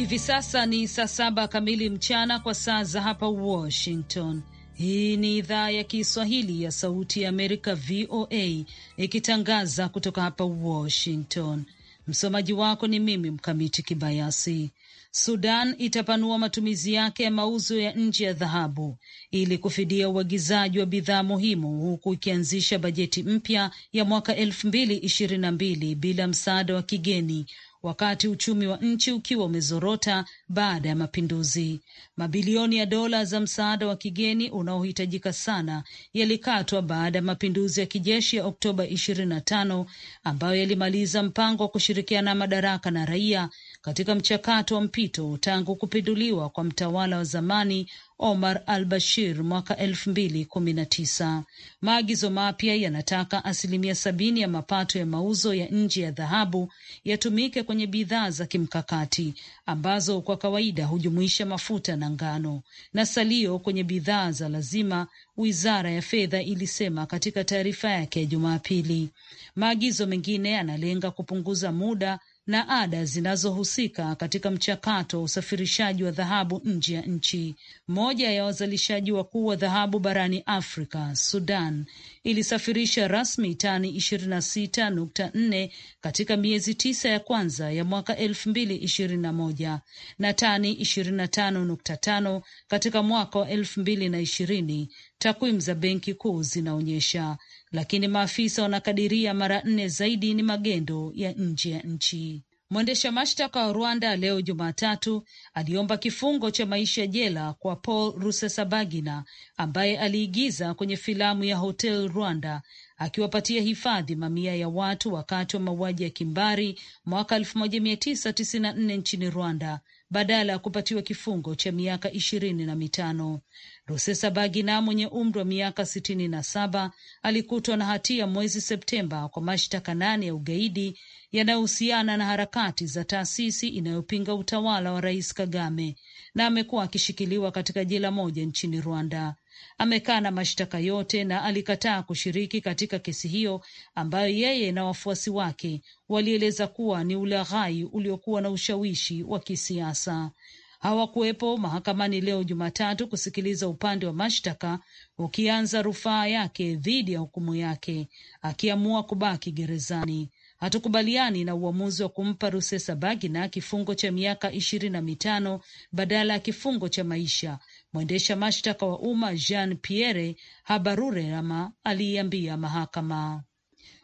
Hivi sasa ni saa saba kamili mchana kwa saa za hapa Washington. Hii ni idhaa ya Kiswahili ya Sauti ya Amerika, VOA, ikitangaza kutoka hapa Washington. Msomaji wako ni mimi Mkamiti Kibayasi. Sudan itapanua matumizi yake ya mauzo ya nje ya dhahabu ili kufidia uagizaji wa bidhaa muhimu huku ikianzisha bajeti mpya ya mwaka elfu mbili ishirini na mbili bila msaada wa kigeni wakati uchumi wa nchi ukiwa umezorota baada ya mapinduzi. Mabilioni ya dola za msaada wa kigeni unaohitajika sana yalikatwa baada ya mapinduzi ya kijeshi ya Oktoba 25 ambayo yalimaliza mpango wa kushirikiana madaraka na raia katika mchakato wa mpito tangu kupinduliwa kwa mtawala wa zamani Omar al Bashir mwaka elfu mbili kumi na tisa. Maagizo mapya yanataka asilimia sabini ya mapato ya mauzo ya nje ya dhahabu yatumike kwenye bidhaa za kimkakati ambazo kwa kawaida hujumuisha mafuta na ngano na salio kwenye bidhaa za lazima, wizara ya fedha ilisema katika taarifa yake ya Jumapili. Maagizo mengine yanalenga kupunguza muda na ada zinazohusika katika mchakato wa usafirishaji wa dhahabu nje ya nchi. Moja ya wazalishaji wakuu wa dhahabu barani Afrika, Sudan, ilisafirisha rasmi tani 26.4 katika miezi tisa ya kwanza ya mwaka 2021 na tani 25.5 katika mwaka wa 2020, takwimu za Benki Kuu zinaonyesha lakini maafisa wanakadiria mara nne zaidi ni magendo ya nje ya nchi. Mwendesha mashtaka wa Rwanda leo Jumatatu aliomba kifungo cha maisha jela kwa Paul Rusesabagina ambaye aliigiza kwenye filamu ya Hotel Rwanda akiwapatia hifadhi mamia ya watu wakati wa mauaji ya kimbari mwaka 1994 nchini Rwanda badala ya kupatiwa kifungo cha miaka ishirini na mitano. Rusesabagina mwenye umri wa miaka sitini na saba alikutwa na hatia mwezi Septemba kwa mashtaka nane ya ugaidi yanayohusiana na harakati za taasisi inayopinga utawala wa Rais Kagame na amekuwa akishikiliwa katika jela moja nchini Rwanda amekana mashtaka yote na alikataa kushiriki katika kesi hiyo ambayo yeye na wafuasi wake walieleza kuwa ni ulaghai uliokuwa na ushawishi wa kisiasa. Hawakuwepo mahakamani leo Jumatatu kusikiliza upande wa mashtaka ukianza rufaa yake dhidi ya hukumu yake, akiamua kubaki gerezani. Hatukubaliani na uamuzi wa kumpa rusesa bagina kifungo cha miaka ishirini na mitano badala ya kifungo cha maisha Mwendesha mashtaka wa umma Jean Pierre Habarurema aliiambia mahakama.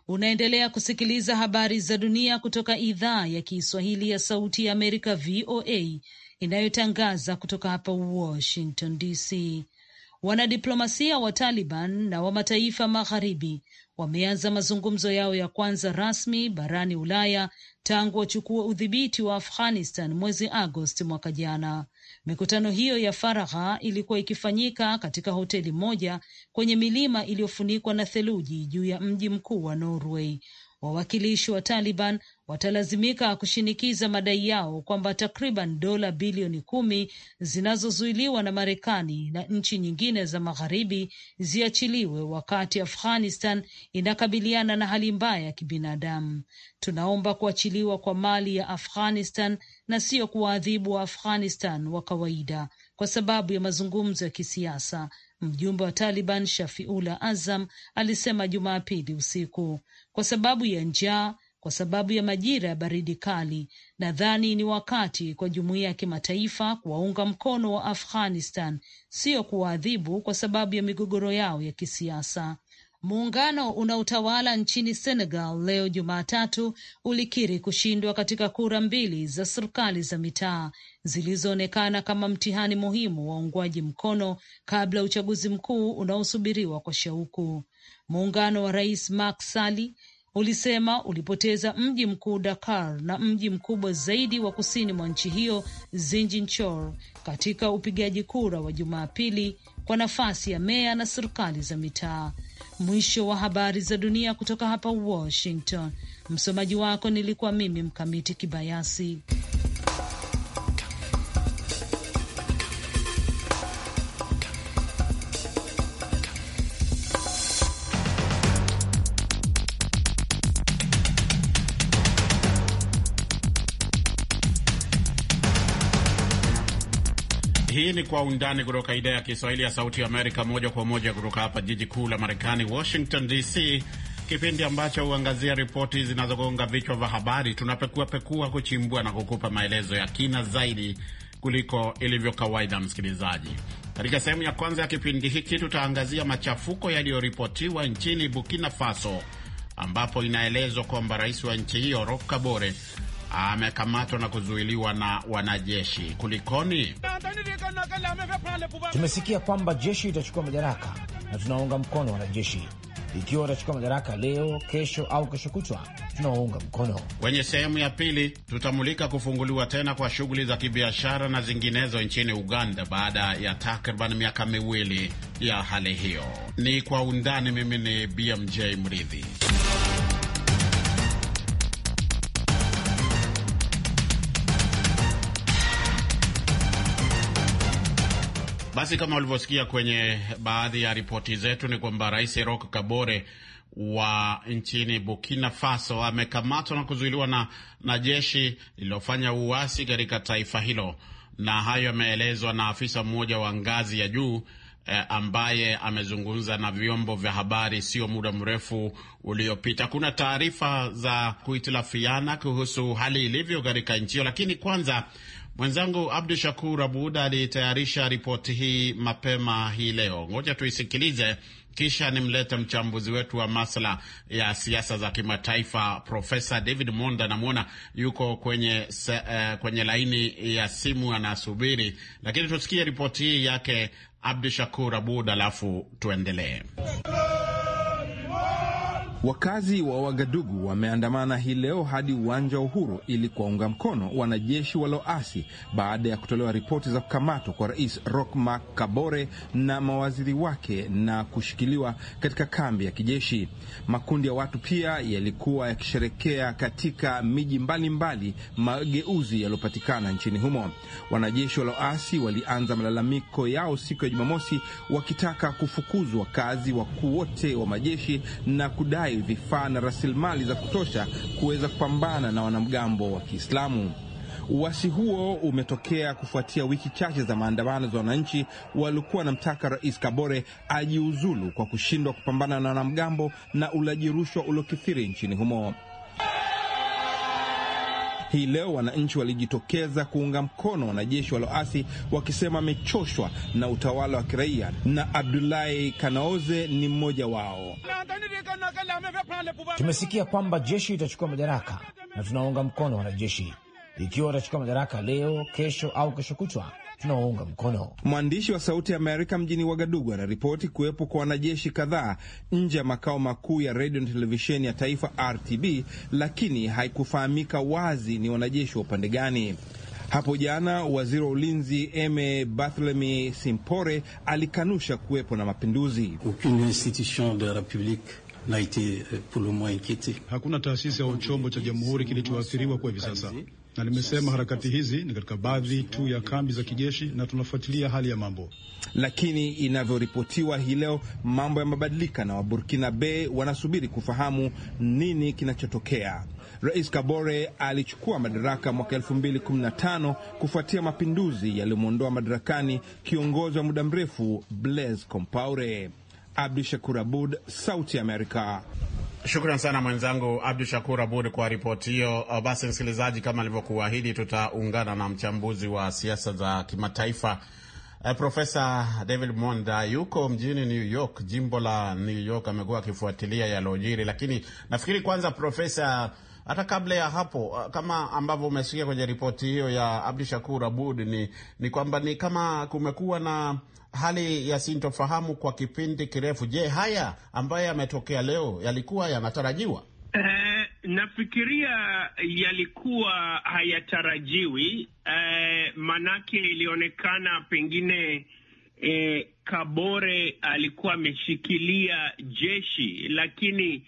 Unaendelea kusikiliza habari za dunia kutoka idhaa ya Kiswahili ya Sauti ya Amerika, VOA, inayotangaza kutoka hapa Washington DC. Wanadiplomasia wa Taliban na wa mataifa magharibi wameanza mazungumzo yao ya kwanza rasmi barani Ulaya tangu wachukua udhibiti wa Afghanistan mwezi Agosti mwaka jana. Mikutano hiyo ya faragha ilikuwa ikifanyika katika hoteli moja kwenye milima iliyofunikwa na theluji juu ya mji mkuu wa Norway. Wawakilishi wa Taliban watalazimika kushinikiza madai yao kwamba takriban dola bilioni kumi zinazozuiliwa na Marekani na nchi nyingine za magharibi ziachiliwe wakati Afghanistan inakabiliana na hali mbaya ya kibinadamu. Tunaomba kuachiliwa kwa mali ya Afghanistan na sio kuwaadhibu wa Afghanistan wa kawaida kwa sababu ya mazungumzo ya kisiasa, mjumbe wa Taliban Shafiula Azam alisema Jumapili usiku, kwa sababu ya njaa kwa sababu ya majira ya baridi kali. Nadhani ni wakati kwa jumuiya ya kimataifa kuwaunga mkono wa Afghanistan, sio kuwaadhibu kwa sababu ya migogoro yao ya kisiasa. Muungano unaotawala nchini Senegal leo Jumatatu ulikiri kushindwa katika kura mbili za serikali za mitaa zilizoonekana kama mtihani muhimu wa uungwaji mkono kabla ya uchaguzi mkuu unaosubiriwa kwa shauku. Muungano wa Rais Macky Sall ulisema ulipoteza mji mkuu Dakar na mji mkubwa zaidi wa kusini mwa nchi hiyo Zinjinchor katika upigaji kura wa Jumapili kwa nafasi ya meya na serikali za mitaa. Mwisho wa habari za dunia kutoka hapa Washington. Msomaji wako nilikuwa mimi Mkamiti Kibayasi. ni Kwa Undani kutoka idhaa ya Kiswahili ya Sauti Amerika, moja kwa moja kutoka hapa jiji kuu la Marekani, Washington DC, kipindi ambacho huangazia ripoti zinazogonga vichwa vya habari. Tunapekuapekua, kuchimbua na kukupa maelezo ya kina zaidi kuliko ilivyo kawaida. Msikilizaji, katika sehemu ya kwanza ya kipindi hiki tutaangazia machafuko yaliyoripotiwa nchini Burkina Faso ambapo inaelezwa kwamba rais wa nchi hiyo Roch Kabore amekamatwa na kuzuiliwa na wanajeshi. Kulikoni? Tumesikia kwamba jeshi itachukua madaraka na tunaunga mkono wanajeshi ikiwa watachukua madaraka leo, kesho au kesho kutwa, tunawaunga mkono. Kwenye sehemu ya pili, tutamulika kufunguliwa tena kwa shughuli za kibiashara na zinginezo nchini Uganda baada ya takriban miaka miwili ya hali hiyo. Ni kwa undani. Mimi ni BMJ Mridhi. Basi kama ulivyosikia kwenye baadhi ya ripoti zetu ni kwamba Rais Roch Kabore wa nchini Burkina Faso amekamatwa na kuzuiliwa na, na jeshi lililofanya uasi katika taifa hilo, na hayo yameelezwa na afisa mmoja wa ngazi ya juu eh, ambaye amezungumza na vyombo vya habari sio muda mrefu uliopita. Kuna taarifa za kuhitilafiana kuhusu hali ilivyo katika nchi hiyo, lakini kwanza Mwenzangu Abdu Shakur Abud alitayarisha ripoti hii mapema hii leo. Ngoja tuisikilize, kisha nimlete mchambuzi wetu wa masuala ya siasa za kimataifa Profesa David Monda. Namwona yuko kwenye, uh, kwenye laini ya simu anasubiri, lakini tusikie ripoti hii yake Abdu Shakur Abud alafu tuendelee. Wakazi wa Wagadugu wameandamana hii leo hadi uwanja wa Uhuru ili kuwaunga mkono wanajeshi walioasi baada ya kutolewa ripoti za kukamatwa kwa Rais Roch Marc Kabore na mawaziri wake na kushikiliwa katika kambi ya kijeshi. Makundi ya watu pia yalikuwa yakisherekea katika miji mbalimbali mageuzi yaliyopatikana nchini humo. Wanajeshi walioasi walianza malalamiko yao siku ya Jumamosi wakitaka kufukuzwa kazi wakuu wote wa majeshi na kudai Israel vifaa na rasilimali za kutosha kuweza kupambana na wanamgambo wa Kiislamu. Uasi huo umetokea kufuatia wiki chache za maandamano za wananchi waliokuwa wanamtaka Rais Kabore ajiuzulu kwa kushindwa kupambana na wanamgambo na ulaji rushwa uliokithiri nchini humo. Hii leo wananchi walijitokeza kuunga mkono wanajeshi walioasi wakisema wamechoshwa na utawala wa kiraia, na Abdulahi Kanaoze ni mmoja wao. Tumesikia kwamba jeshi itachukua madaraka na tunaunga mkono wanajeshi ikiwa watachukua madaraka leo, kesho au kesho kutwa tunawaunga mkono. Mwandishi wa Sauti ya Amerika mjini Wagadugu anaripoti kuwepo kwa wanajeshi kadhaa nje ya makao makuu ya redio na televisheni ya taifa RTB, lakini haikufahamika wazi ni wanajeshi wa upande gani. Hapo jana waziri wa ulinzi Eme Barthelemy Simpore alikanusha kuwepo na mapinduzi. Euh, Hakuna taasisi au chombo cha jamhuri kilichoathiriwa kwa hivi sasa na limesema harakati hizi ni katika baadhi tu ya kambi za kijeshi na tunafuatilia hali ya mambo. Lakini inavyoripotiwa hii leo, mambo yamebadilika na waburkina be wanasubiri kufahamu nini kinachotokea. Rais Kabore alichukua madaraka mwaka 2015 kufuatia mapinduzi yaliyomwondoa madarakani kiongozi wa muda mrefu Blaise Compaore. Abdu Shakur Abud, Sauti ya Amerika. Shukran sana mwenzangu Abdu Shakur Abud kwa ripoti hiyo. Uh, basi msikilizaji, kama alivyokuahidi, tutaungana na mchambuzi wa siasa za kimataifa uh, Profesa David Monda yuko mjini New York, jimbo la New York. Amekuwa akifuatilia yalojiri, lakini nafikiri kwanza, Profesa, hata kabla ya hapo, uh, kama ambavyo umesikia kwenye ripoti hiyo ya abdu Shakur Abud, ni, ni kwamba ni kama kumekuwa na hali ya sintofahamu kwa kipindi kirefu. Je, haya ambayo yametokea leo yalikuwa yanatarajiwa? Eh, nafikiria yalikuwa hayatarajiwi, eh, manake ilionekana pengine eh, Kabore alikuwa ameshikilia jeshi, lakini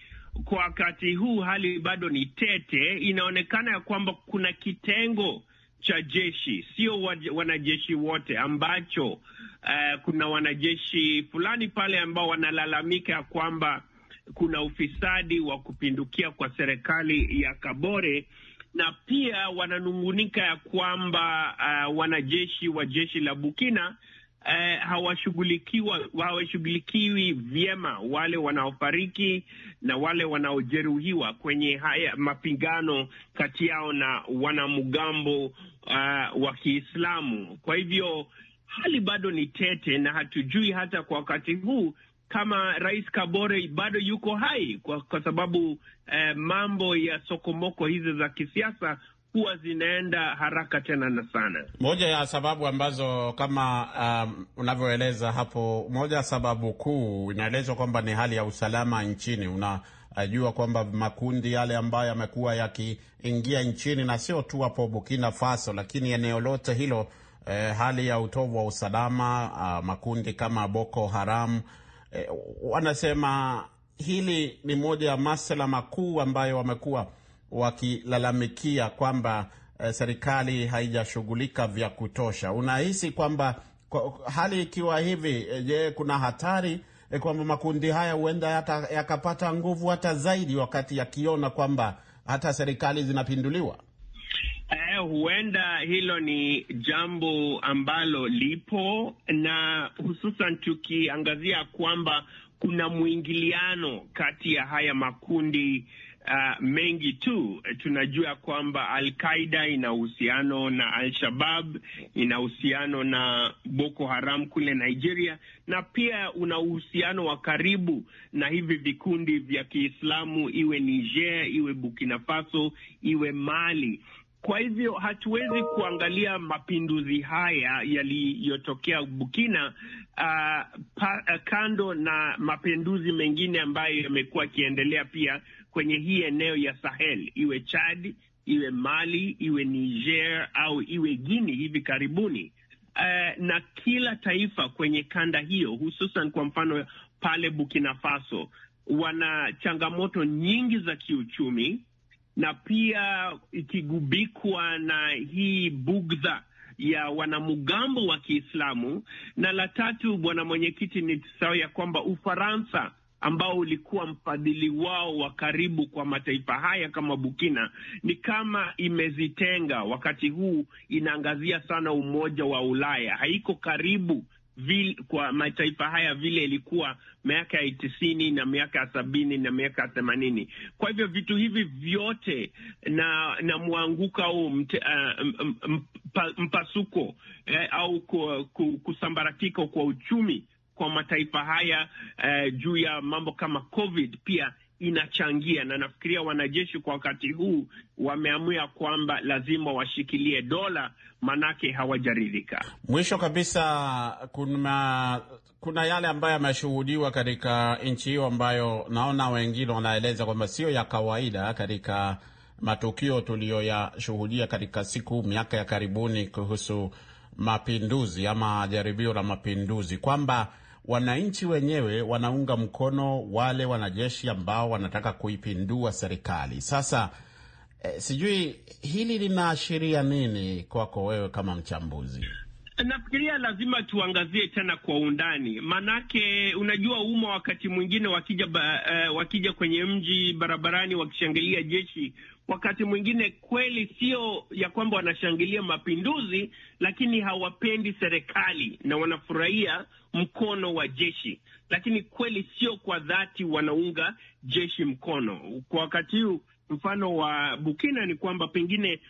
kwa wakati huu hali bado ni tete. Inaonekana ya kwamba kuna kitengo cha jeshi, sio wanajeshi wote ambacho uh, kuna wanajeshi fulani pale ambao wanalalamika ya kwamba kuna ufisadi wa kupindukia kwa serikali ya Kabore na pia wananungunika ya kwamba uh, wanajeshi wa jeshi la Burkina uh, hawashughulikiwa hawashughulikiwi vyema wale wanaofariki na wale wanaojeruhiwa kwenye haya mapigano kati yao na wanamgambo uh, wa Kiislamu. Kwa hivyo hali bado ni tete, na hatujui hata kwa wakati huu kama Rais Kabore bado yuko hai kwa, kwa sababu eh, mambo ya sokomoko hizi za kisiasa huwa zinaenda haraka tena na sana. Moja ya sababu ambazo kama um, unavyoeleza hapo, moja ya sababu kuu inaelezwa kwamba ni hali ya usalama nchini. Unajua kwamba makundi yale ambayo yamekuwa yakiingia nchini na sio tu hapo Burkina Faso, lakini eneo lote hilo eh, hali ya utovu wa usalama ah, makundi kama Boko Haram eh, wanasema hili ni moja ya masuala makuu ambayo wamekuwa wakilalamikia kwamba eh, serikali haijashughulika vya kutosha. Unahisi kwamba kwa, hali ikiwa hivi, eh, je, kuna hatari eh, kwamba makundi haya huenda yakapata nguvu hata zaidi wakati yakiona kwamba hata serikali zinapinduliwa? ambayo huenda hilo ni jambo ambalo lipo na hususan tukiangazia kwamba kuna mwingiliano kati ya haya makundi uh, mengi tu. Tunajua kwamba Al-Qaida ina uhusiano na Al-Shabab, ina uhusiano na Boko Haram kule Nigeria, na pia una uhusiano wa karibu na hivi vikundi vya Kiislamu, iwe Niger, iwe Burkina Faso, iwe Mali. Kwa hivyo hatuwezi kuangalia mapinduzi haya yaliyotokea Burkina uh, pa, uh, kando na mapinduzi mengine ambayo yamekuwa yakiendelea pia kwenye hii eneo ya Sahel, iwe Chad, iwe Mali, iwe Niger au iwe guini hivi karibuni. Uh, na kila taifa kwenye kanda hiyo, hususan kwa mfano pale Burkina Faso, wana changamoto nyingi za kiuchumi na pia ikigubikwa na hii bugdha ya wanamgambo wa Kiislamu, na la tatu, bwana mwenyekiti, ni sawa ya kwamba Ufaransa ambao ulikuwa mfadhili wao wa karibu kwa mataifa haya kama Burkina ni kama imezitenga. Wakati huu inaangazia sana umoja wa Ulaya, haiko karibu vil, kwa mataifa haya vile ilikuwa miaka ya tisini na miaka ya sabini na miaka ya themanini. Kwa hivyo vitu hivi vyote na na mwanguka au uh, eh, mpa, mpasuko eh, au kusambaratika kwa uchumi kwa mataifa haya eh, juu ya mambo kama COVID pia inachangia, na nafikiria wanajeshi kwa wakati huu wameamua kwamba lazima washikilie dola, manake hawajaridhika. Mwisho kabisa, kuna kuna yale ambayo yameshuhudiwa katika nchi hiyo ambayo naona wengine wanaeleza kwamba sio ya kawaida katika matukio tuliyoyashuhudia katika siku miaka ya karibuni kuhusu mapinduzi ama jaribio la mapinduzi kwamba wananchi wenyewe wanaunga mkono wale wanajeshi ambao wanataka kuipindua serikali. Sasa eh, sijui hili linaashiria nini kwako wewe kama mchambuzi? Nafikiria lazima tuangazie tena kwa undani, maanake unajua, umma wakati mwingine wakija ba, uh, wakija kwenye mji barabarani wakishangilia jeshi, wakati mwingine kweli sio ya kwamba wanashangilia mapinduzi, lakini hawapendi serikali na wanafurahia mkono wa jeshi, lakini kweli sio kwa dhati wanaunga jeshi mkono. Kwa wakati huu mfano wa Burkina ni kwamba pengine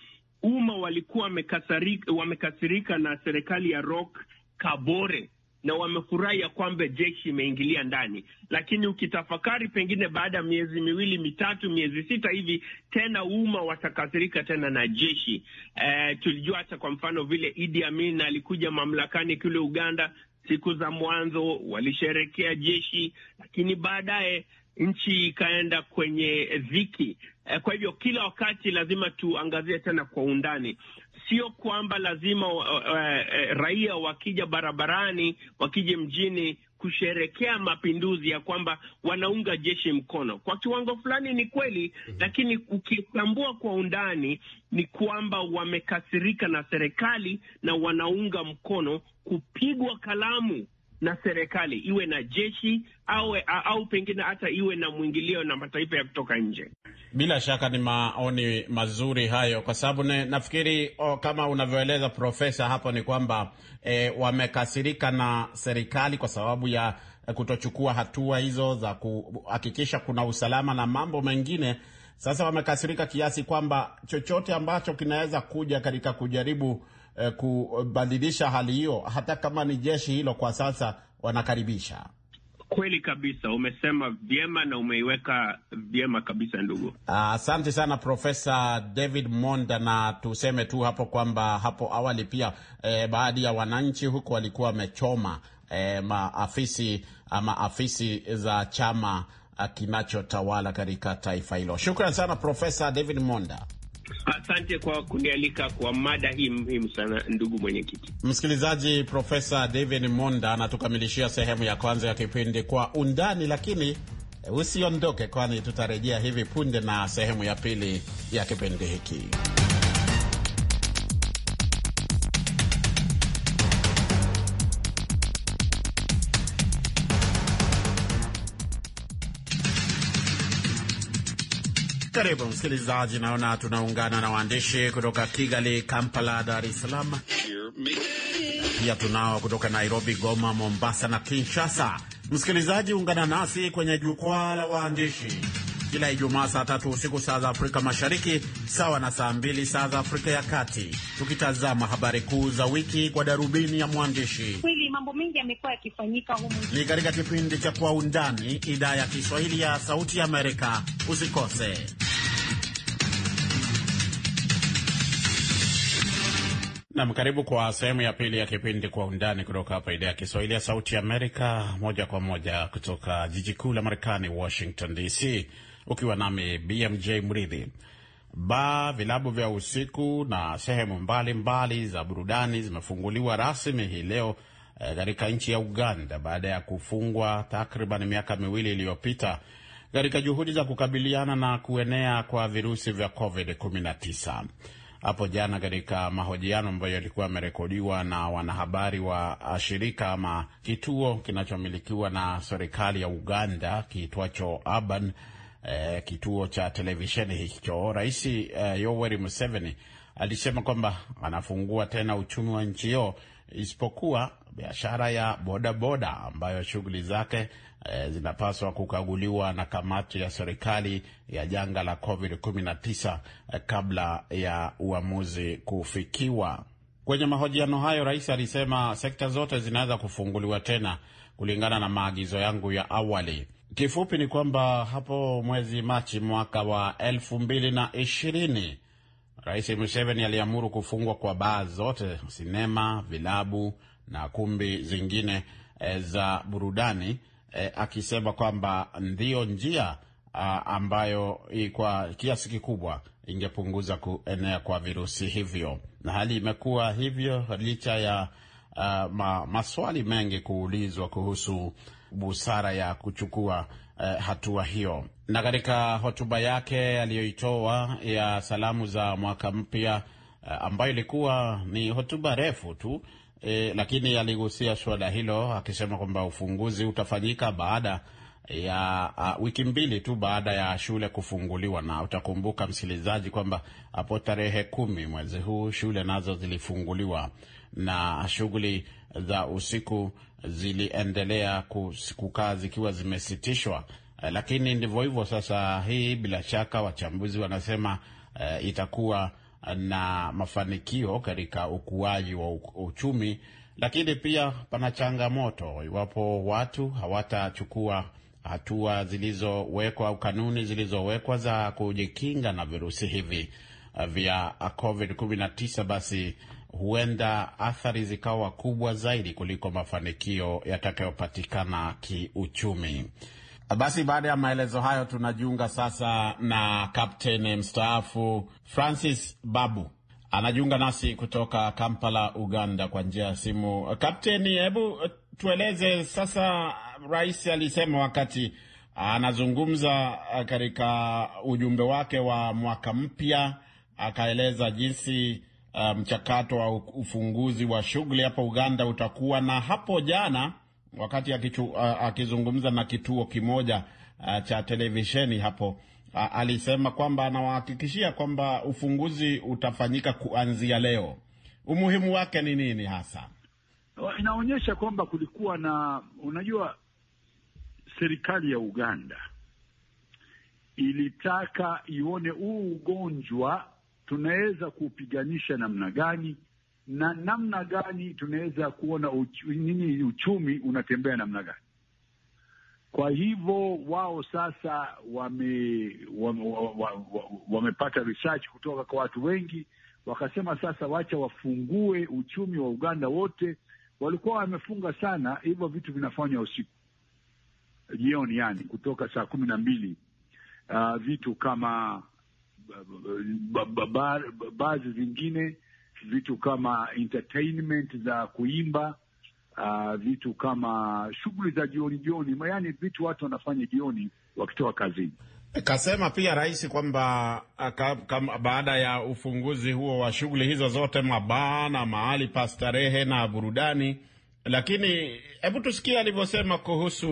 umma walikuwa wamekasirika na serikali ya Roch Kabore na wamefurahi ya kwamba jeshi imeingilia ndani, lakini ukitafakari, pengine baada ya miezi miwili mitatu, miezi sita hivi, tena umma watakasirika tena na jeshi. E, tulijua hata kwa mfano vile Idi Amin alikuja mamlakani kule Uganda, Siku za mwanzo walisherekea jeshi, lakini baadaye nchi ikaenda kwenye dhiki. Eh, kwa hivyo kila wakati lazima tuangazie tena kwa undani. Sio kwamba lazima uh, uh, raia wakija barabarani, wakija mjini kusherekea mapinduzi ya kwamba wanaunga jeshi mkono. Kwa kiwango fulani ni kweli, mm -hmm. Lakini ukitambua kwa undani ni kwamba wamekasirika na serikali na wanaunga mkono kupigwa kalamu na serikali iwe na jeshi au, au pengine hata iwe na mwingilio na mataifa ya kutoka nje. Bila shaka ni maoni mazuri hayo, kwa sababu nafikiri oh, kama unavyoeleza Profesa hapo ni kwamba eh, wamekasirika na serikali kwa sababu ya kutochukua hatua hizo za kuhakikisha kuna usalama na mambo mengine. Sasa wamekasirika kiasi kwamba chochote ambacho kinaweza kuja katika kujaribu eh, kubadilisha hali hiyo, hata kama ni jeshi hilo kwa sasa wanakaribisha? Kweli kabisa, umesema vyema na umeiweka vyema kabisa ndugu. Ah, asante ah, sana Profesa David Monda, na tuseme tu hapo kwamba hapo awali pia eh, baadhi ya wananchi huku walikuwa wamechoma eh, maafisi ama ah, afisi za chama ah, kinachotawala katika taifa hilo. Shukran sana Profesa David Monda. Asante kwa kunialika kwa mada hii muhimu sana, ndugu mwenyekiti. Msikilizaji, Profesa David Monda anatukamilishia sehemu ya kwanza ya kipindi Kwa Undani, lakini eh, usiondoke, kwani tutarejea hivi punde na sehemu ya pili ya kipindi hiki. Karibu msikilizaji, naona tunaungana na waandishi kutoka Kigali, Kampala, Dar es Salaam, pia tunao kutoka Nairobi, Goma, Mombasa na Kinshasa. Msikilizaji, ungana nasi kwenye jukwaa la waandishi kila Ijumaa saa tatu usiku saa za Afrika Mashariki, sawa na saa mbili saa za Afrika ya Kati, tukitazama habari kuu za wiki kwa darubini ya mwandishi. Kweli mambo mengi yamekuwa yakifanyika humu. Ni katika kipindi cha Kwa Undani, idhaa ya Kiswahili ya Sauti ya Amerika. Usikose. Nam, karibu kwa sehemu ya pili ya kipindi Kwa Undani kutoka hapa idhaa ya Kiswahili ya Sauti ya Amerika, moja kwa moja kutoka jiji kuu la Marekani, Washington DC, ukiwa nami BMJ Mridhi. Baa, vilabu vya usiku na sehemu mbalimbali mbali za burudani zimefunguliwa rasmi hii leo eh, katika e, nchi ya Uganda baada ya kufungwa takriban miaka miwili iliyopita katika juhudi za kukabiliana na kuenea kwa virusi vya COVID-19 hapo jana katika mahojiano ambayo yalikuwa yamerekodiwa na wanahabari wa uh, shirika ama kituo kinachomilikiwa na serikali ya Uganda kiitwacho Aban, eh, kituo cha televisheni hicho, Rais eh, Yoweri Museveni alisema kwamba anafungua tena uchumi wa nchi hiyo isipokuwa biashara ya bodaboda boda, ambayo shughuli zake eh, zinapaswa kukaguliwa na kamati ya serikali ya janga la COVID-19 eh, kabla ya uamuzi kufikiwa. Kwenye mahojiano hayo, rais alisema sekta zote zinaweza kufunguliwa tena kulingana na maagizo yangu ya awali. Kifupi ni kwamba hapo mwezi Machi mwaka wa elfu mbili na ishirini Rais Museveni aliamuru kufungwa kwa baa zote, sinema, vilabu na kumbi zingine eh, za burudani eh, akisema kwamba ndiyo njia ah, ambayo kwa kiasi kikubwa ingepunguza kuenea kwa virusi hivyo, na hali imekuwa hivyo licha ya ah, ma, maswali mengi kuulizwa kuhusu busara ya kuchukua eh, hatua hiyo. Na katika hotuba yake aliyoitoa ya salamu za mwaka mpya ah, ambayo ilikuwa ni hotuba refu tu e, lakini aligusia suala hilo akisema kwamba ufunguzi utafanyika baada ya a, wiki mbili tu baada ya shule kufunguliwa. Na utakumbuka msikilizaji, kwamba hapo tarehe kumi mwezi huu shule nazo zilifunguliwa na shughuli za usiku ziliendelea kukaa zikiwa zimesitishwa. Uh, lakini ndivyo hivyo sasa. Hii bila shaka wachambuzi wanasema uh, itakuwa na mafanikio katika ukuaji wa uchumi, lakini pia pana changamoto iwapo watu hawatachukua hatua zilizowekwa au kanuni zilizowekwa za kujikinga na virusi hivi uh, vya COVID-19, basi huenda athari zikawa kubwa zaidi kuliko mafanikio yatakayopatikana kiuchumi. Basi baada ya maelezo hayo, tunajiunga sasa na kapteni mstaafu Francis Babu anajiunga nasi kutoka Kampala, Uganda, kwa njia ya simu. Kapteni, hebu tueleze sasa, rais alisema wakati anazungumza katika ujumbe wake wa mwaka mpya, akaeleza jinsi eh, mchakato um, wa ufunguzi wa shughuli hapa Uganda utakuwa na hapo jana wakati akizungumza na kituo kimoja uh, cha televisheni hapo uh, alisema kwamba anawahakikishia kwamba ufunguzi utafanyika kuanzia leo. Umuhimu wake ni nini hasa? Inaonyesha kwamba kulikuwa na, unajua, serikali ya Uganda ilitaka ione huu ugonjwa tunaweza kuupiganisha namna gani, na namna gani tunaweza kuona uchu, nini uchumi unatembea namna gani. Kwa hivyo wao sasa wame, wame, wame, wamepata research kutoka kwa watu wengi, wakasema sasa wacha wafungue uchumi wa Uganda wote. Walikuwa wamefunga sana, hivyo vitu vinafanywa usiku jioni, yani kutoka saa kumi na mbili uh, vitu kama uh, baadhi zingine vitu kama entertainment za kuimba uh, vitu kama shughuli za jioni jioni, yaani vitu watu wanafanya jioni wakitoka kazini. Kasema pia rais kwamba uh, baada ya ufunguzi huo wa shughuli hizo zote, mabaa na mahali pa starehe na burudani. Lakini hebu tusikie alivyosema kuhusu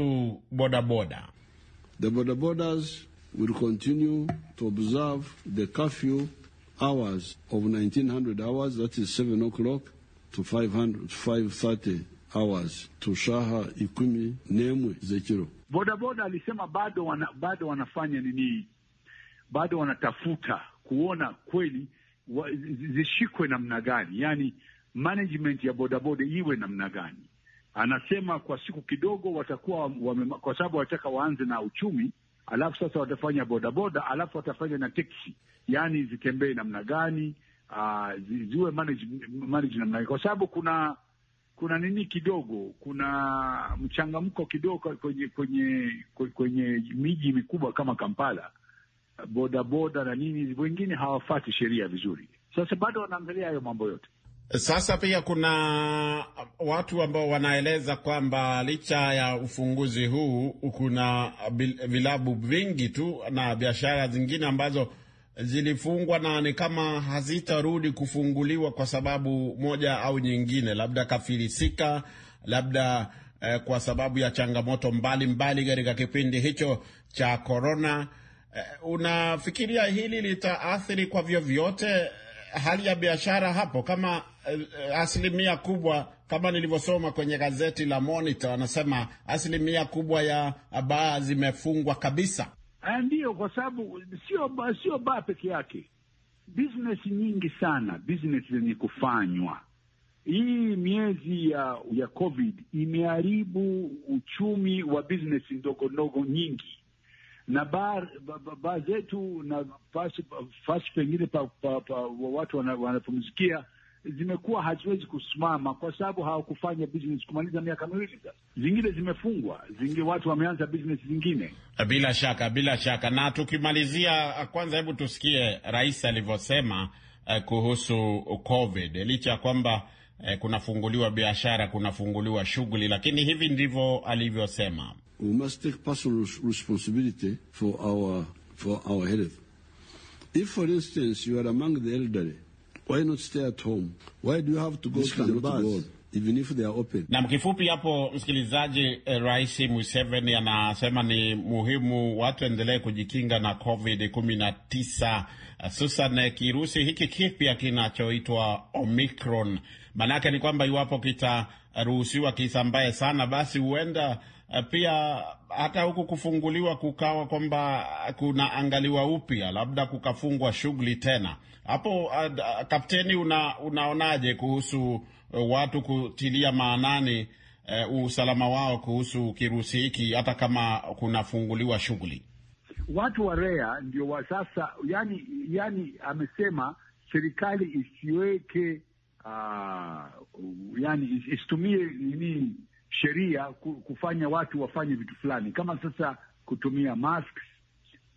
bodaboda. The bodabodas will continue to observe the curfew hours of 1900 hours, that is 7 o'clock to 530 hours to shaha ikumi Nemwe Zekiro. boda alisema bado wana, bado wanafanya nini, bado wanatafuta kuona kweli wa, zishikwe namna gani, yani management ya bodaboda iwe namna gani. Anasema kwa siku kidogo watakuwa wame, kwa sababu wanataka waanze na uchumi, alafu sasa watafanya bodaboda, alafu watafanya na teksi yani zitembee namna gani, uh, ziwe manage, manage namna gani, kwa sababu kuna kuna nini kidogo, kuna mchangamko kidogo kwenye kwenye kwenye miji mikubwa kama Kampala, bodaboda na nini, wengine hawafati sheria vizuri. Sasa bado wanaangalia hayo mambo yote. Sasa pia kuna watu ambao wanaeleza kwamba licha ya ufunguzi huu kuna vilabu vingi tu na biashara zingine ambazo zilifungwa na ni kama hazitarudi kufunguliwa kwa sababu moja au nyingine, labda kafilisika, labda eh, kwa sababu ya changamoto mbalimbali katika kipindi hicho cha korona. Eh, unafikiria hili litaathiri kwa vyovyote eh, hali ya biashara hapo kama eh, asilimia kubwa kama nilivyosoma kwenye gazeti la Monitor, wanasema asilimia kubwa ya baa zimefungwa kabisa. Eh, Ndiyo, kwa sababu sio baa sio baa peke yake, business nyingi sana, business zenye kufanywa. Hii miezi ya ya COVID imeharibu uchumi wa business ndogo ndogo nyingi, na baa ba, zetu na fasi pengine pa, pa, pa, watu wanapumzikia zimekuwa haziwezi kusimama kwa sababu hawakufanya business kumaliza miaka miwili sasa. Zingine zimefungwa, zingine watu wameanza business zingine. Bila shaka, bila shaka. Na tukimalizia, kwanza hebu tusikie rais alivyosema eh, kuhusu COVID. Licha ya kwamba eh, kunafunguliwa biashara, kunafunguliwa shughuli, lakini hivi ndivyo alivyosema: We must take personal responsibility for our, for our health. If for instance you are among the elderly Why not stay at home? Why do you have to go to the bars? Even if they are open. Na mkifupi hapo msikilizaji, eh, Rais Museveni anasema ni muhimu watu endelee kujikinga na COVID-19 hususan eh, kirusi hiki kipya kinachoitwa Omicron. Maanake ni kwamba iwapo kitaruhusiwa kisambae sana, basi huenda Eh, pia hata huku kufunguliwa kukawa kwamba kunaangaliwa upya, labda kukafungwa shughuli tena hapo. Kapteni, una, unaonaje kuhusu eh, watu kutilia maanani uh, usalama wao kuhusu kirusi hiki hata kama kunafunguliwa shughuli? Watu wa REA ndio wa sasa, yani, yani amesema serikali isiweke uh, yani isitumie nini sheria kufanya watu wafanye vitu fulani, kama sasa kutumia masks,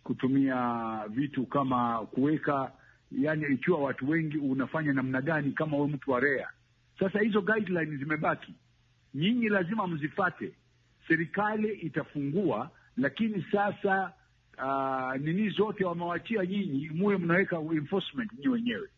kutumia vitu kama kuweka, yani ikiwa watu wengi unafanya namna gani, kama we mtu wa REA. Sasa hizo guidelines zimebaki, nyinyi lazima mzifate. Serikali itafungua, lakini sasa uh, nini zote wamewachia nyinyi, muwe mnaweka enforcement nyinyi wenyewe.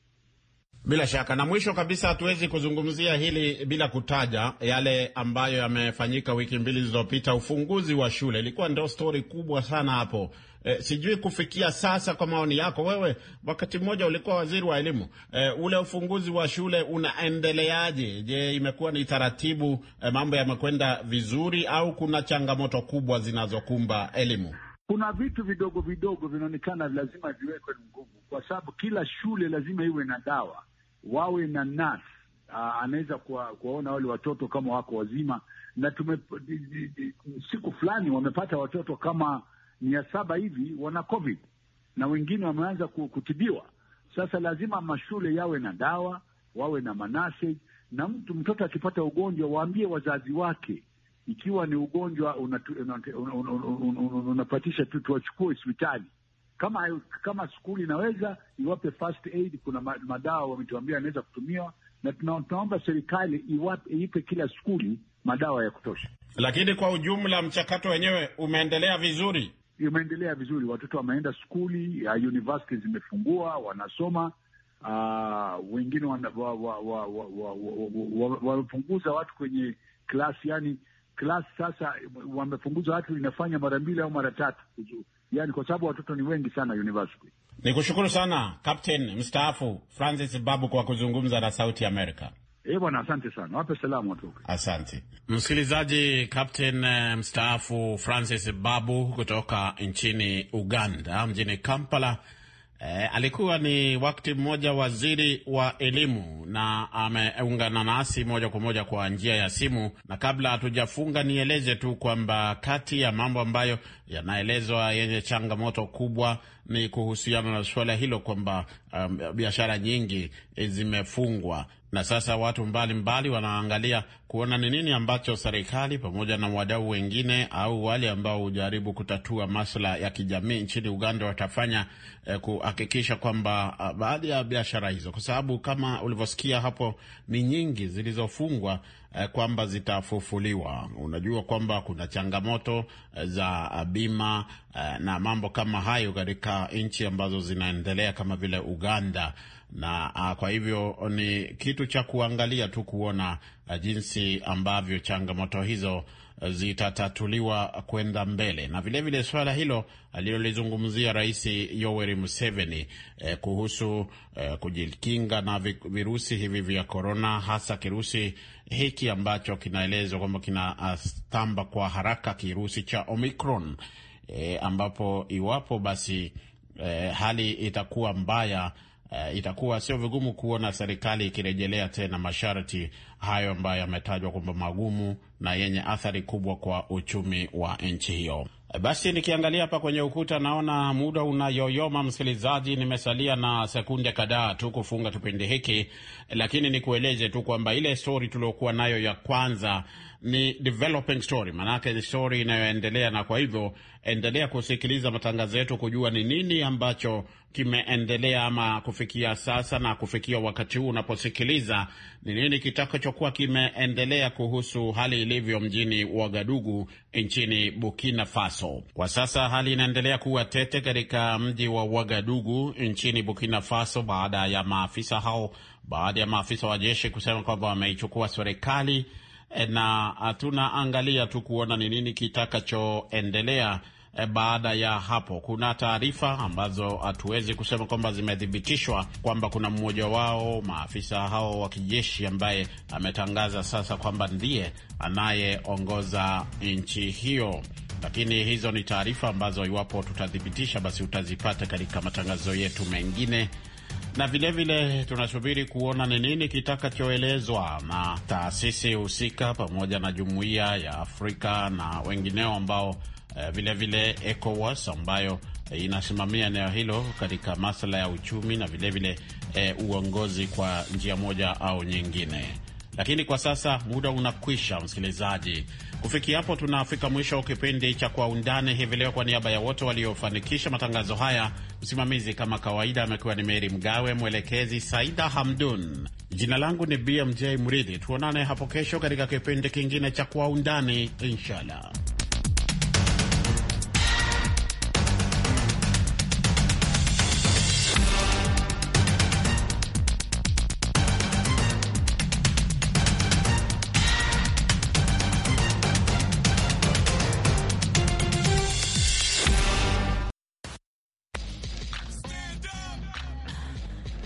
Bila shaka na mwisho kabisa, hatuwezi kuzungumzia hili bila kutaja yale ambayo yamefanyika wiki mbili zilizopita. Ufunguzi wa shule ilikuwa ndio stori kubwa sana hapo. E, sijui kufikia sasa, kwa maoni yako wewe, wakati mmoja ulikuwa waziri wa elimu e, ule ufunguzi wa shule unaendeleaje? Je, imekuwa ni taratibu? E, mambo yamekwenda vizuri au kuna changamoto kubwa zinazokumba elimu? Kuna vitu vidogo vidogo vinaonekana lazima viwekwe nguvu, kwa sababu kila shule lazima iwe na dawa wawe na nas ah, anaweza kuwaona wale watoto kama wako wazima, na tume siku fulani wamepata watoto kama mia saba hivi wana COVID na wengine wameanza kutibiwa. Sasa lazima mashule yawe na dawa, wawe na manase, na mtu mtoto akipata ugonjwa waambie wazazi wake, ikiwa ni ugonjwa unapatisha tu tuwachukue hospitali kama kama skuli inaweza iwape first aid, kuna madawa wametuambia yanaweza kutumiwa, na tunaomba serikali iwape iipe kila skuli madawa ya kutosha. Lakini kwa ujumla mchakato wenyewe umeendelea vizuri, umeendelea vizuri, watoto wameenda skuli, uh, university zimefungua, wanasoma Uh, wengine wamepunguza wa, wa, wa, wa, watu kwenye klasi, yani klasi sasa wamepunguza watu inafanya mara mbili au mara tatu yani, kwa sababu watoto ni wengi sana university. Ni kushukuru sana Captain mstaafu Francis Babu kwa kuzungumza na Sauti Amerika. E bwana, asante sana. Wape salamu watoke. Asante msikilizaji. Captain eh, mstaafu Francis Babu kutoka nchini Uganda, mjini Kampala E, alikuwa ni wakati mmoja waziri wa elimu na ameungana nasi moja kwa moja kwa njia ya simu. Na kabla hatujafunga, nieleze tu kwamba kati ya mambo ambayo yanaelezwa yenye changamoto kubwa ni kuhusiana na suala hilo kwamba um, biashara nyingi eh, zimefungwa na sasa watu mbalimbali mbali wanaangalia kuona ni nini ambacho serikali pamoja na wadau wengine au wale ambao hujaribu kutatua masuala ya kijamii nchini Uganda watafanya eh, kuhakikisha kwamba ah, baadhi ya biashara hizo, kwa sababu kama ulivyosikia hapo ni nyingi zilizofungwa Eh, kwamba zitafufuliwa. Unajua kwamba kuna changamoto eh, za eh, bima na mambo kama hayo katika nchi ambazo zinaendelea kama vile Uganda na a, ah, kwa hivyo ni kitu cha kuangalia tu kuona a, jinsi ambavyo changamoto hizo zitatatuliwa kwenda mbele, na vilevile vile swala hilo alilolizungumzia Rais Yoweri Museveni eh, kuhusu eh, kujikinga na virusi hivi vya korona, hasa kirusi hiki ambacho kinaelezwa kwamba kinatamba kwa haraka, kirusi cha Omicron eh, ambapo iwapo basi eh, hali itakuwa mbaya uh, itakuwa sio vigumu kuona serikali ikirejelea tena masharti hayo ambayo yametajwa kwamba magumu na yenye athari kubwa kwa uchumi wa nchi hiyo. Eh, basi nikiangalia hapa kwenye ukuta naona muda unayoyoma, msikilizaji, nimesalia na sekunde kadhaa tu kufunga kipindi hiki, lakini nikueleze tu kwamba ile stori tuliokuwa nayo ya kwanza ni developing story, maanake ni story inayoendelea, na kwa hivyo endelea kusikiliza matangazo yetu kujua ni nini ambacho kimeendelea ama kufikia sasa na kufikia wakati huu unaposikiliza, ni nini kitakachokuwa kimeendelea kuhusu hali ilivyo mjini Wagadugu nchini Burkina Faso. Kwa sasa hali inaendelea kuwa tete katika mji wa Wagadugu nchini Burkina Faso baada ya maafisa hao baada ya maafisa wa jeshi kusema kwamba wameichukua serikali Eh, na tunaangalia tu kuona ni nini kitakachoendelea eh, baada ya hapo. Kuna taarifa ambazo hatuwezi kusema kwamba zimethibitishwa kwamba kuna mmoja wao maafisa hao wa kijeshi ambaye ametangaza sasa kwamba ndiye anayeongoza nchi hiyo, lakini hizo ni taarifa ambazo iwapo tutathibitisha, basi utazipata katika matangazo yetu mengine na vilevile tunasubiri kuona ni nini kitakachoelezwa na taasisi husika pamoja na jumuiya ya Afrika na wengineo ambao vilevile eh, vile ECOWAS ambayo eh, inasimamia eneo hilo katika masuala ya uchumi na vilevile vile, eh, uongozi kwa njia moja au nyingine. Lakini kwa sasa muda unakwisha, msikilizaji. Kufikia hapo, tunafika mwisho wa kipindi cha Kwa Undani hivi leo. Kwa niaba ya wote waliofanikisha matangazo haya, msimamizi kama kawaida amekuwa ni Meri Mgawe, mwelekezi Saida Hamdun. Jina langu ni BMJ Mridhi. Tuonane hapo kesho katika kipindi kingine cha Kwa Undani, inshallah.